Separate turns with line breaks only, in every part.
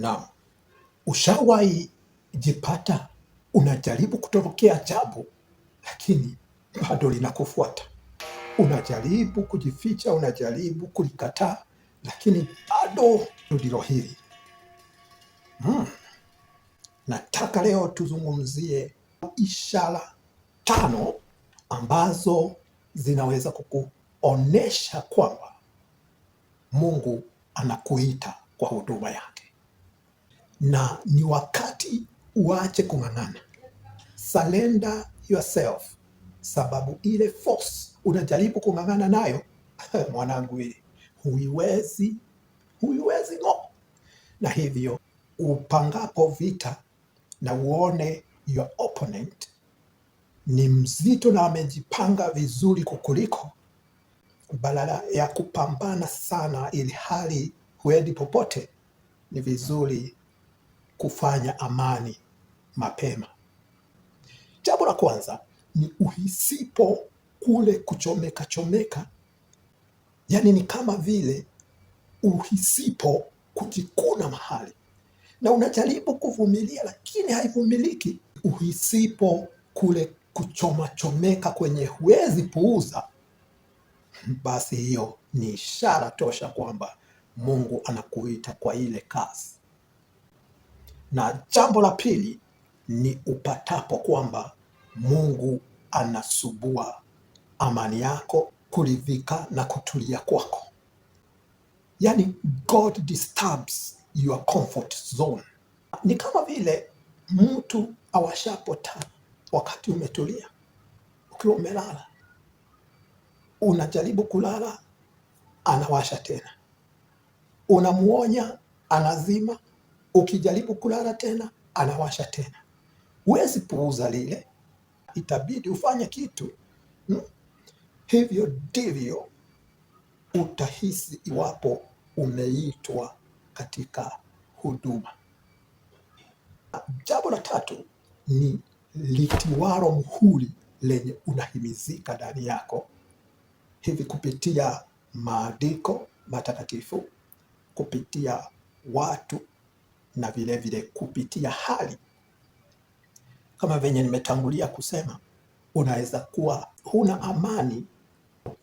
Naam, ushawahi jipata unajaribu kutorokea jambo lakini bado linakufuata. Unajaribu kujificha, unajaribu kulikataa, lakini bado ndilo hili hmm. Nataka leo tuzungumzie ishara tano ambazo zinaweza kukuonesha kwamba Mungu anakuita kwa huduma yake na ni wakati uache kung'ang'ana. Surrender yourself, sababu ile force unajaribu kung'ang'ana nayo mwanangu, ili huiwezi, huiwezi ng'o. Na hivyo upangapo vita na uone your opponent ni mzito na amejipanga vizuri kukuliko, badala ya kupambana sana ili hali huendi popote, ni vizuri kufanya amani mapema. Jambo la kwanza ni uhisipo kule kuchomeka chomeka, yaani ni kama vile uhisipo kujikuna mahali na unajaribu kuvumilia lakini haivumiliki. Uhisipo kule kuchomachomeka kwenye huwezi puuza, basi hiyo ni ishara tosha kwamba Mungu anakuita kwa ile kazi na jambo la pili ni upatapo kwamba Mungu anasubua amani yako, kuridhika na kutulia kwako. Yaani, God disturbs your comfort zone. Ni kama vile mtu awashapo taa wakati umetulia, ukiwa umelala, unajaribu kulala, anawasha tena, unamuonya, anazima Ukijaribu kulala tena anawasha tena, huwezi puuza lile, itabidi ufanye kitu hmm. Hivyo ndivyo utahisi iwapo umeitwa katika huduma. Jambo la tatu ni litiwaro muhuri lenye unahimizika ndani yako hivi kupitia maandiko matakatifu, kupitia watu na vilevile vile kupitia hali kama venye nimetangulia kusema, unaweza kuwa huna amani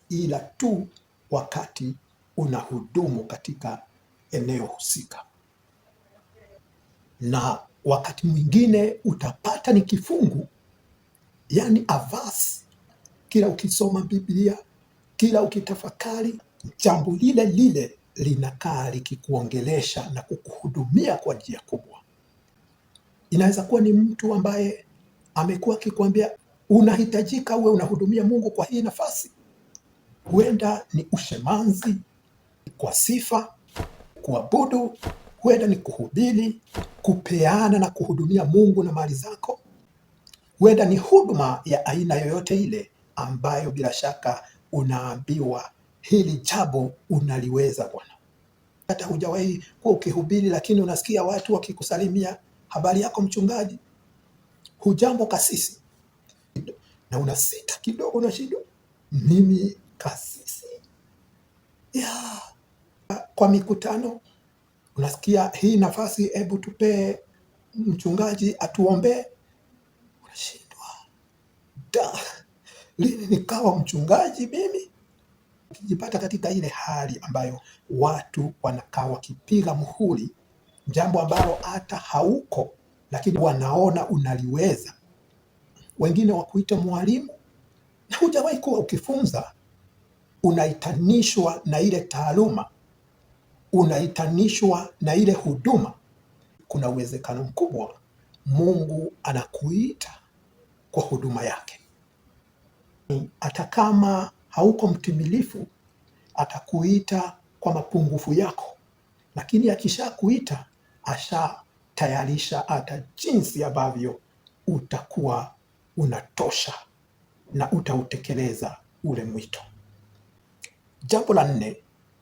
ila tu wakati unahudumu katika eneo husika, na wakati mwingine utapata ni kifungu, yani avasi. Kila ukisoma Biblia, kila ukitafakari jambo lile lile linakaa likikuongelesha na kukuhudumia kwa njia kubwa. Inaweza kuwa ni mtu ambaye amekuwa akikwambia unahitajika uwe unahudumia Mungu kwa hii nafasi. Huenda ni ushemanzi kwa sifa, kuabudu, huenda ni kuhubiri, kupeana na kuhudumia Mungu na mali zako, huenda ni huduma ya aina yoyote ile ambayo bila shaka unaambiwa hili jambo unaliweza Bwana. Hata hujawahi kuwa ukihubiri, lakini unasikia watu wakikusalimia habari yako mchungaji, hujambo kasisi, na unasita kidogo, unashindwa mimi kasisi ya. Kwa mikutano unasikia hii nafasi, hebu tupee mchungaji atuombee, unashindwa da, lini nikawa mchungaji mimi? wakijipata katika ile hali ambayo watu wanakaa wakipiga muhuri jambo ambalo hata hauko, lakini wanaona unaliweza. Wengine wakuita mwalimu na hujawahi kuwa ukifunza, unaitanishwa na ile taaluma, unaitanishwa na ile huduma. Kuna uwezekano mkubwa Mungu anakuita kwa huduma yake, hata kama hauko mtimilifu, atakuita kwa mapungufu yako, lakini akishakuita ashatayarisha hata jinsi ambavyo utakuwa unatosha na utautekeleza ule mwito. Jambo la nne,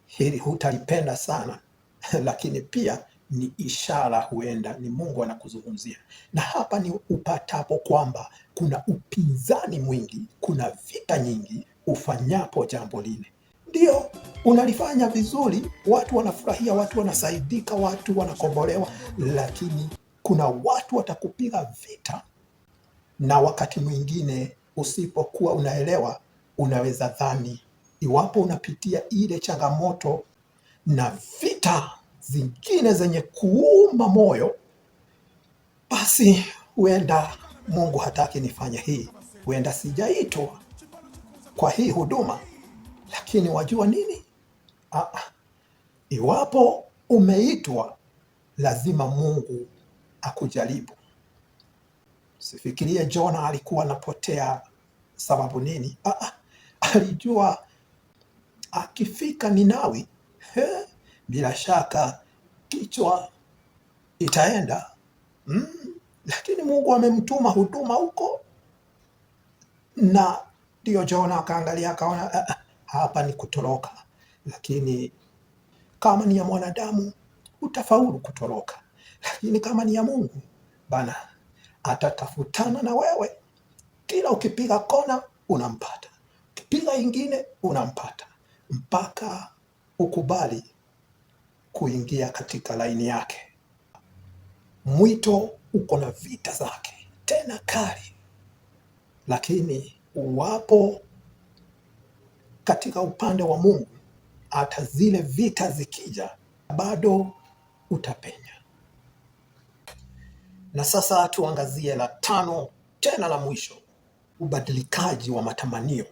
hili hutalipenda sana lakini pia ni ishara, huenda ni Mungu anakuzungumzia. Na hapa ni upatapo kwamba kuna upinzani mwingi, kuna vita nyingi, ufanyapo jambo lile, ndio unalifanya vizuri, watu wanafurahia, watu wanasaidika, watu wanakombolewa. Lakini kuna watu watakupiga vita, na wakati mwingine usipokuwa unaelewa, unaweza dhani iwapo unapitia ile changamoto na vita zingine zenye kuuma moyo, basi huenda Mungu hataki nifanye hii, huenda sijaitwa kwa hii huduma. Lakini wajua nini? Aa, ah, ah. iwapo umeitwa lazima Mungu akujaribu. Sifikirie Jona alikuwa anapotea sababu nini? Aa, ah, alijua akifika Ninawi he, bila shaka kichwa itaenda mm, lakini Mungu amemtuma huduma huko na ndio Jona akaangalia akaona, ah, ah, hapa ni kutoroka, lakini kama ni ya mwanadamu utafaulu kutoroka, lakini kama ni ya Mungu bana, atatafutana na wewe. Kila ukipiga kona unampata, ukipiga ingine unampata, mpaka ukubali kuingia katika laini yake. Mwito uko na vita zake tena kali, lakini wapo katika upande wa Mungu, hata zile vita zikija, bado utapenya. Na sasa tuangazie la tano tena la mwisho, ubadilikaji wa matamanio.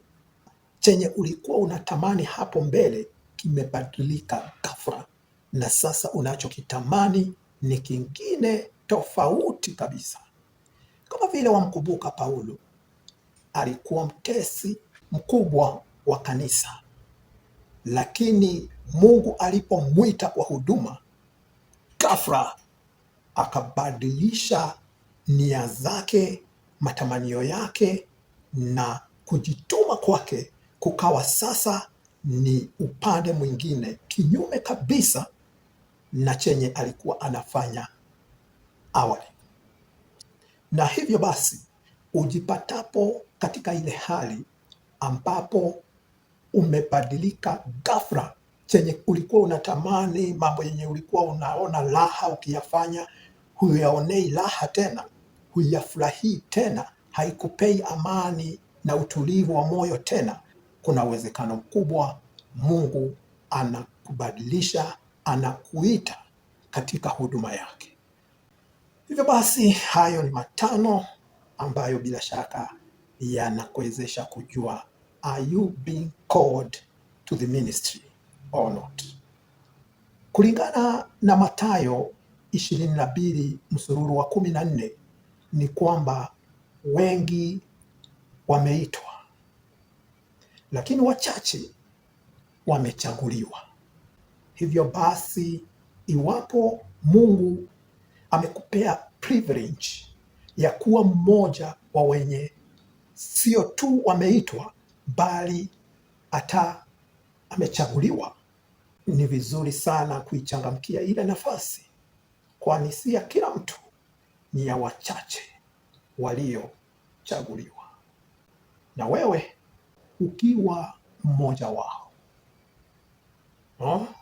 Chenye ulikuwa unatamani hapo mbele kimebadilika ghafla, na sasa unachokitamani ni kingine tofauti kabisa, kama vile wamkumbuka Paulo alikuwa mtesi mkubwa wa kanisa, lakini Mungu alipomwita kwa huduma, ghafla akabadilisha nia zake, matamanio yake na kujituma kwake kukawa sasa ni upande mwingine, kinyume kabisa na chenye alikuwa anafanya awali. Na hivyo basi ujipatapo katika ile hali ambapo umebadilika ghafla, chenye ulikuwa unatamani, mambo yenye ulikuwa unaona raha ukiyafanya, huyaonei raha tena, huyafurahii tena, haikupei amani na utulivu wa moyo tena, kuna uwezekano mkubwa Mungu anakubadilisha, anakuita katika huduma yake. Hivyo basi, hayo ni matano ambayo bila shaka yanakuwezesha kujua are you being called to the ministry or not. Kulingana na Mathayo 22 msururu wa 14 ni kwamba wengi wameitwa, lakini wachache wamechaguliwa. Hivyo basi, iwapo Mungu amekupea privilege ya kuwa mmoja wa wenye sio tu wameitwa bali hata amechaguliwa. Ni vizuri sana kuichangamkia ile nafasi, kwani si ya kila mtu, ni ya wachache waliochaguliwa. Na wewe ukiwa mmoja wao no?